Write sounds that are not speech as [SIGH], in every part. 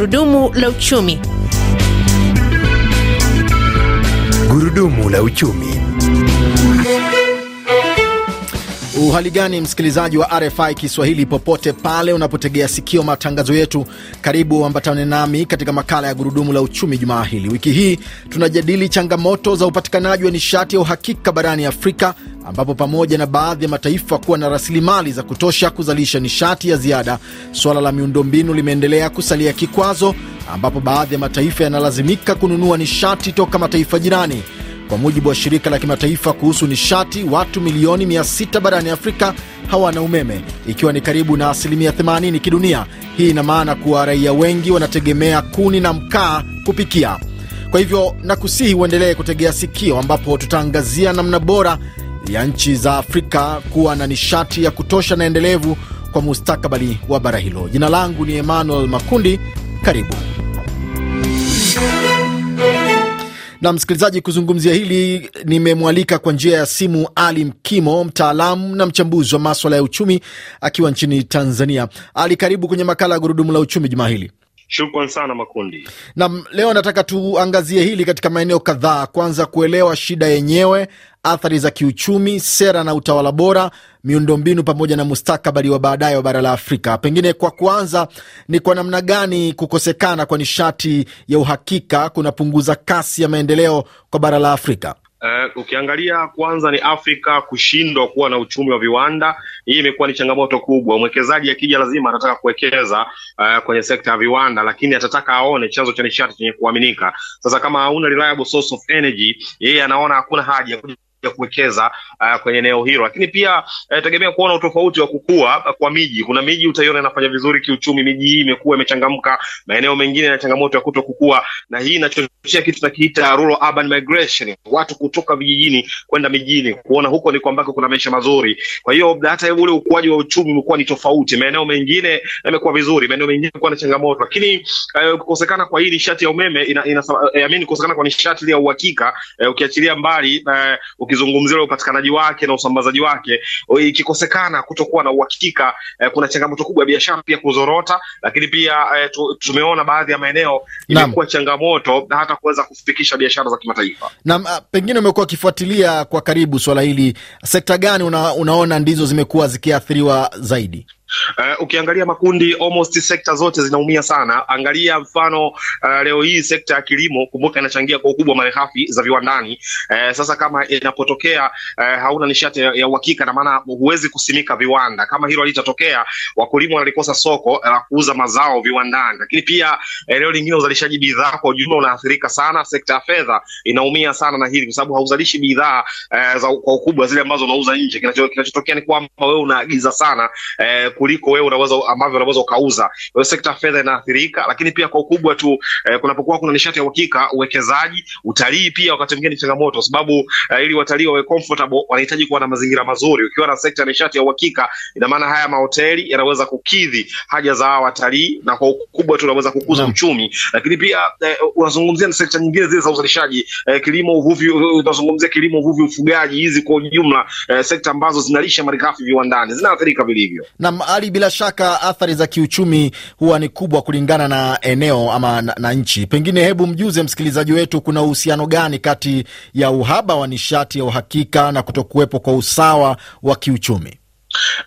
Gurudumu la uchumi. Gurudumu la uchumi. Uhali gani msikilizaji wa RFI Kiswahili popote pale unapotegea sikio matangazo yetu, karibu ambatane nami katika makala ya gurudumu la uchumi jumaa hili. Wiki hii tunajadili changamoto za upatikanaji wa nishati ya uhakika barani Afrika ambapo pamoja na baadhi ya mataifa kuwa na rasilimali za kutosha kuzalisha nishati ya ziada, suala la miundombinu limeendelea kusalia kikwazo, ambapo baadhi ya mataifa yanalazimika kununua nishati toka mataifa jirani. Kwa mujibu wa shirika la kimataifa kuhusu nishati, watu milioni 600 barani Afrika hawana umeme, ikiwa ni karibu na asilimia 80 kidunia. Hii ina maana kuwa raia wengi wanategemea kuni na mkaa kupikia. Kwa hivyo nakusihi uendelee kutegea sikio, ambapo tutaangazia namna bora ya nchi za Afrika kuwa na nishati ya kutosha na endelevu kwa mustakabali wa bara hilo. Jina langu ni Emmanuel Makundi, karibu na msikilizaji. Kuzungumzia hili nimemwalika kwa njia ya simu Ali Mkimo, mtaalamu na mchambuzi wa maswala ya uchumi akiwa nchini Tanzania. Ali, karibu kwenye makala ya Gurudumu la Uchumi juma hili. Shukran sana Makundi. nam leo nataka tuangazie hili katika maeneo kadhaa. Kwanza, kuelewa shida yenyewe, athari za kiuchumi, sera na utawala bora, miundombinu, pamoja na mustakabali wa baadaye wa bara la Afrika. Pengine kwa kwanza, ni kwa namna gani kukosekana kwa nishati ya uhakika kunapunguza kasi ya maendeleo kwa bara la Afrika? Uh, ukiangalia kwanza ni Afrika kushindwa kuwa na uchumi wa viwanda. Hii imekuwa ni changamoto kubwa. Mwekezaji akija lazima anataka kuwekeza uh, kwenye sekta ya viwanda, lakini atataka aone chanzo cha nishati chenye kuaminika. Sasa kama hauna reliable source of energy, yeye anaona hakuna haja ya kuwekeza uh, kwenye eneo hilo, lakini pia uh, tegemea kuona utofauti wa kukua ah, kwa miji. Kuna miji utaiona inafanya vizuri kiuchumi, miji hii imekuwa imechangamka, maeneo mengine yana changamoto ya kuto kukua, na hii inachochea kitu tunakiita rural urban migration, watu kutoka vijijini kwenda mijini, kuona huko ndiko ambako kuna maisha mazuri. Kwa hiyo hata ule ukuaji wa uchumi umekuwa ni tofauti, maeneo mengine yamekuwa vizuri, maeneo mengine yamekuwa na changamoto, lakini eh, kukosekana uh, kwa hii nishati ya umeme ina, ina, ina, eh, kukosekana kwa nishati ya uhakika eh, ukiachilia mbali eh, ukizungumzia upatikanaji wake na usambazaji wake, ikikosekana kutokuwa na uhakika eh, kuna changamoto kubwa ya biashara pia kuzorota, lakini pia eh, tu, tumeona baadhi ya maeneo imekuwa changamoto na hata kuweza kufikisha biashara za kimataifa. Na ah, pengine umekuwa ukifuatilia kwa karibu swala hili, sekta gani una, unaona ndizo zimekuwa zikiathiriwa zaidi? Uh, ukiangalia makundi almost sekta zote zinaumia sana. Angalia mfano uh, leo hii sekta ya kilimo, kumbuka inachangia kwa ukubwa malighafi za viwandani. Uh, sasa kama inapotokea uh, hauna nishati ya uhakika, na maana huwezi kusimika viwanda. Kama hilo litatokea, wakulima walikosa soko la uh, kuuza mazao viwandani, lakini pia eneo lingine uzalishaji bidhaa kwa ujumla unaathirika sana. Sekta ya fedha inaumia sana na hili, kwa sababu hauzalishi bidhaa uh, za kwa ukubwa zile ambazo unauza nje. Kinachotokea ni kwamba wewe unaagiza sana uh, kuliko wewe unaweza ambavyo unaweza ukauza. Kwa sekta fedha inaathirika, lakini pia kwa ukubwa tu eh, kunapokuwa kuna nishati ya uhakika, uwekezaji, utalii pia wakati mwingine ni changamoto sababu eh, ili watalii wawe comfortable wanahitaji kuwa na mazingira mazuri. Ukiwa na sekta ya nishati ya uhakika, ina maana haya mahoteli yanaweza kukidhi haja za watalii na kwa ukubwa tu unaweza kukuza mm. uchumi, lakini pia eh, unazungumzia na sekta nyingine zile za uzalishaji eh, kilimo, uvuvi, unazungumzia kilimo, uvuvi, ufugaji, hizi kwa ujumla eh, sekta ambazo zinalisha malighafi viwandani zinaathirika vilivyo. Naam. Ali, bila shaka athari za kiuchumi huwa ni kubwa kulingana na eneo ama na, na nchi. Pengine hebu mjuze msikilizaji wetu, kuna uhusiano gani kati ya uhaba wa nishati ya uhakika na kutokuwepo kwa usawa wa kiuchumi?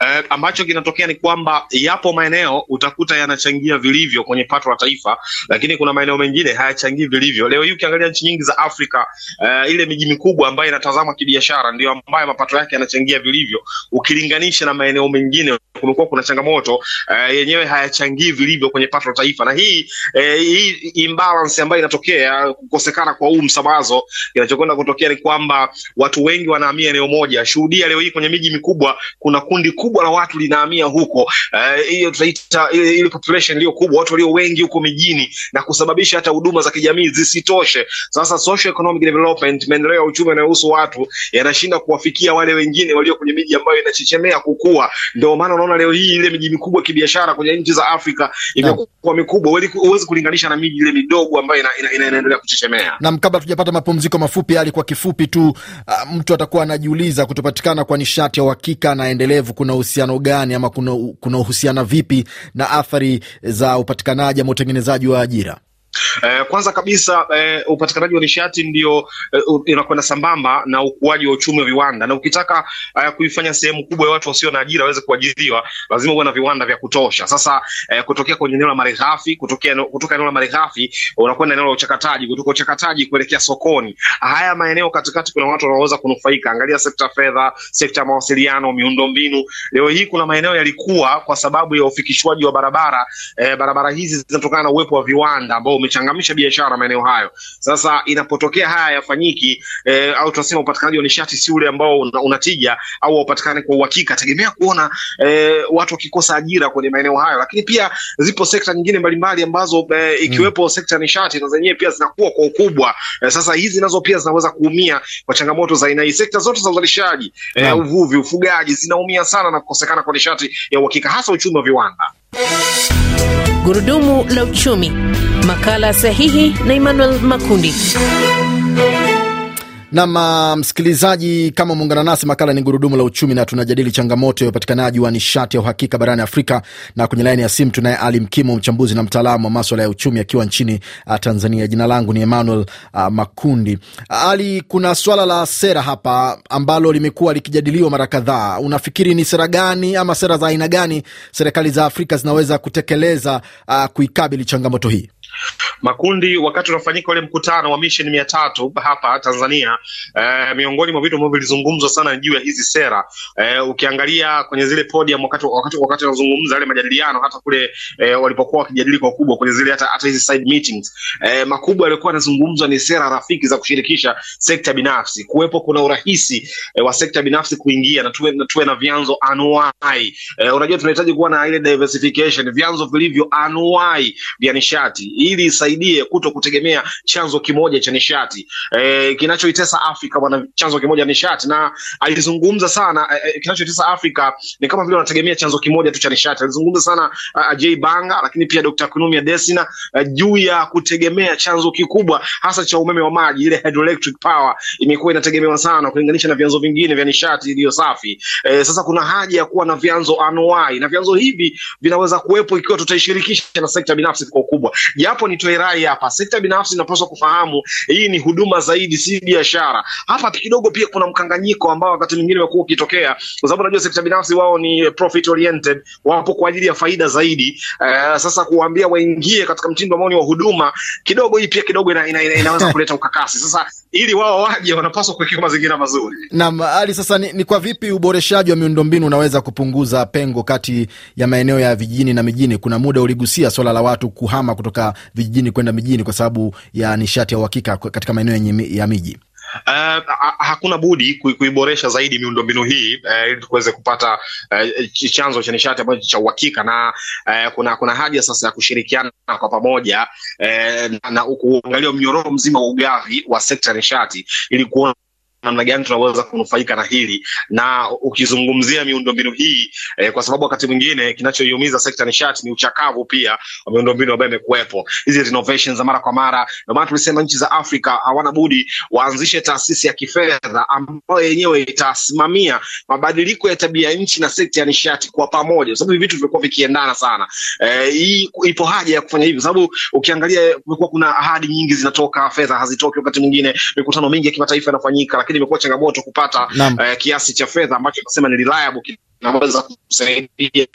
Eh, ambacho kinatokea ni kwamba yapo maeneo utakuta yanachangia vilivyo kwenye pato la taifa, lakini kuna maeneo mengine hayachangii vilivyo. Leo hii ukiangalia nchi nyingi za Afrika eh, ile miji mikubwa ambayo inatazamwa kibiashara ndio ambayo mapato yake yanachangia vilivyo, ukilinganisha na maeneo mengine kumekuwa kuna changamoto eh, yenyewe hayachangii vilivyo kwenye pato la taifa, na hii eh, hii imbalance ambayo inatokea kukosekana kwa huu msambazo, kinachokwenda kutokea ni kwamba watu wengi wanahamia eneo moja. Shuhudia leo hii kwenye miji mikubwa kuna kundi kubwa la watu linahamia huko, eh, hiyo uh, ile population iliyo kubwa, watu walio wengi huko mijini, na kusababisha hata huduma za kijamii zisitoshe. Sasa social economic development, maendeleo ya uchumi yanayohusu watu yanashinda kuwafikia wale wengine walio kwenye miji ambayo inachechemea kukua. Ndio maana unaona leo hii ile miji mikubwa kibiashara kwenye nchi za Afrika imekuwa mikubwa, huwezi kulinganisha na miji ile midogo ambayo inaendelea ina, ina, ina kuchechemea. na kabla tujapata mapumziko mafupi, hali kwa kifupi tu, uh, mtu atakuwa anajiuliza kutopatikana kwa nishati ya uhakika anaendelea endelevu kuna uhusiano gani ama kuna, kuna uhusiana vipi na athari za upatikanaji ama utengenezaji wa ajira? Eh, kwanza kabisa eh, upatikanaji wa nishati ndio eh, inakwenda sambamba na ukuaji wa uchumi wa viwanda, na ukitaka eh, kuifanya sehemu kubwa ya watu wasio na ajira waweze kuajiriwa lazima uwe na viwanda vya kutosha. Sasa eh, kutokea kwenye eneo la malighafi, kutokea kutoka eneo la malighafi unakwenda eneo la uchakataji, kutoka uchakataji kuelekea sokoni. Haya maeneo katikati kuna watu wanaoweza kunufaika. Angalia sekta fedha, sekta mawasiliano, miundombinu. Leo hii kuna maeneo yalikuwa kwa sababu ya ufikishwaji wa barabara eh, barabara hizi zinatokana na uwepo wa viwanda ambao umecha kuchangamsha biashara maeneo hayo. Sasa inapotokea haya yafanyiki, e, au tunasema upatikanaji wa nishati si ule ambao unatija au haupatikani kwa uhakika, tegemea kuona e, watu wakikosa ajira kwenye maeneo hayo. Lakini pia zipo sekta nyingine mbalimbali ambazo e, ikiwepo mm. sekta ya nishati na zenyewe pia zinakuwa kwa ukubwa e, sasa hizi nazo pia zinaweza kuumia kwa changamoto za aina hii. Sekta zote za uzalishaji yeah. Hmm. uvuvi, ufugaji zinaumia sana na kukosekana kwa nishati ya uhakika, hasa uchumi wa viwanda. Gurudumu la uchumi. Makala sahihi na Emmanuel Makundi. Nam uh, msikilizaji, kama umeungana nasi, makala ni gurudumu la uchumi, na tunajadili changamoto ya upatikanaji wa nishati ya uhakika barani Afrika. Na kwenye laini ya simu tunaye Ali Mkimo, mchambuzi na mtaalamu wa maswala ya uchumi, akiwa nchini uh, Tanzania. Jina langu ni Emmanuel uh, Makundi. Ali, kuna swala la sera hapa ambalo limekuwa likijadiliwa mara kadhaa. Unafikiri ni sera gani ama sera za aina gani serikali za Afrika zinaweza kutekeleza uh, kuikabili changamoto hii? makundi wakati unafanyika ule mkutano wa misheni mia tatu hapa Tanzania. E, miongoni mwa vitu ambavyo vilizungumzwa sana juu ya hizi sera e, ukiangalia kwenye zile podium wakati wakati wakati wanazungumza yale majadiliano hata kule e, walipokuwa wakijadili kwa ukubwa kwenye zile hata hata hizi side meetings e, makubwa yalikuwa yanazungumzwa ni sera rafiki za kushirikisha sekta binafsi, kuwepo kuna urahisi e, wa sekta binafsi kuingia na tuwe na, tuwe na vyanzo anuai e, unajua tunahitaji kuwa na ile diversification, vyanzo vilivyo anuai vya nishati ili isaidie kuto kutegemea chanzo kimoja cha nishati e, kinachoitesa Afrika bwana, chanzo kimoja nishati, na alizungumza sana e, e, kinachoitesa Afrika ni kama vile wanategemea chanzo kimoja tu cha nishati. Alizungumza sana Ajay Banga, lakini pia Dr. Kunumi Adesina e, juu ya kutegemea chanzo kikubwa hasa cha umeme wa maji, ile hydroelectric power imekuwa inategemewa sana kulinganisha na vyanzo vingine vya nishati iliyo safi. E, sasa kuna haja ya kuwa na vyanzo anuwai, na vyanzo hivi vinaweza kuwepo ikiwa tutaishirikisha na sekta binafsi kwa ukubwa japo nitoe rai hapa, sekta binafsi inapaswa kufahamu hii ni huduma zaidi, si biashara. Hapa kidogo pia kuna mkanganyiko ambao wakati mwingine umekuwa ukitokea, kwa sababu unajua sekta binafsi wao ni profit oriented, wapo kwa ajili ya faida zaidi. Uh, sasa kuwaambia waingie katika mtindo ambao ni wa huduma kidogo, hii pia kidogo ina, ina, ina, inaweza [LAUGHS] kuleta ukakasi. Sasa ili wao waje, wanapaswa kuwekewa mazingira mazuri. Naam, Ali, sasa ni, ni kwa vipi uboreshaji wa miundombinu unaweza kupunguza pengo kati ya maeneo ya vijijini na mijini? Kuna muda uligusia swala la watu kuhama kutoka vijijini kwenda mijini kwa sababu ya nishati ya uhakika katika maeneo ya miji? Uh, hakuna budi kuiboresha zaidi miundombinu hii uh, ili tuweze kupata uh, chanzo cha nishati ambacho cha uhakika na uh, kuna kuna haja sasa ya kushirikiana kwa pamoja uh, na kuangalia mnyororo mzima wa ugavi wa sekta ya nishati ili kuona namna gani tunaweza kunufaika na hili na ukizungumzia miundombinu hii eh, kwa sababu wakati mwingine kinachoiumiza sekta nishati ni uchakavu pia wa miundombinu ambayo imekuwepo, hizi renovations za mara kwa mara. Ndio maana tulisema nchi za Afrika hawana budi waanzishe taasisi ya kifedha ambayo yenyewe itasimamia mabadiliko ya tabia nchi na sekta ya nishati kwa pamoja, kwa sababu hivi vitu vimekuwa vikiendana sana. Eh, hii ipo haja ya kufanya hivi, sababu ukiangalia kumekuwa kuna ahadi nyingi zinatoka, fedha hazitoki, wakati mwingine mikutano mingi ya kimataifa inafanyika lakini imekuwa changamoto kupata uh, kiasi cha fedha ambacho nasema ni reliable naweza kusaidia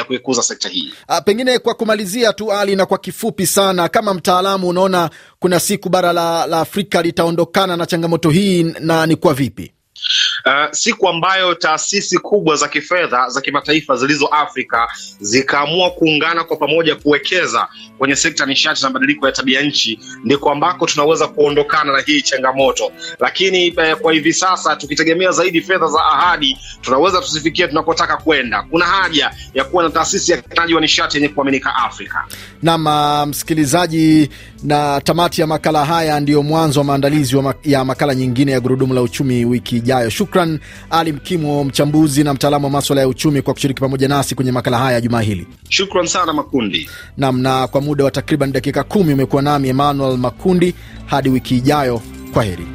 uh, kuikuza sekta hii. A, ah, pengine kwa kumalizia tu Ali, na kwa kifupi sana, kama mtaalamu, unaona kuna siku bara la, la Afrika litaondokana na changamoto hii na ni kwa vipi? uh, siku ambayo taasisi kubwa za kifedha za kimataifa zilizo Afrika zikaamua kuungana kwa pamoja kuwekeza kwenye sekta nishati na mabadiliko ya tabia nchi, ndiko ambako tunaweza kuondokana na hii changamoto. Lakini eh, kwa hivi sasa tukitegemea zaidi fedha za ahadi, tunaweza tusifikie tunakotaka kwenda. Kuna haja ya kuwa na taasisi ya kitaji wa nishati yenye kuaminika Afrika. Naam, ah, msikilizaji, na tamati ya makala haya ndiyo mwanzo wa maandalizi ya makala nyingine ya Gurudumu la Uchumi wiki ijayo. Shukran Ali Mkimo, mchambuzi na mtaalamu wa maswala ya uchumi, kwa kushiriki pamoja nasi kwenye makala haya jumaa hili. Shukran sana Makundi nam. Na kwa muda wa takriban dakika kumi umekuwa nami Emmanuel Makundi. Hadi wiki ijayo, kwa heri.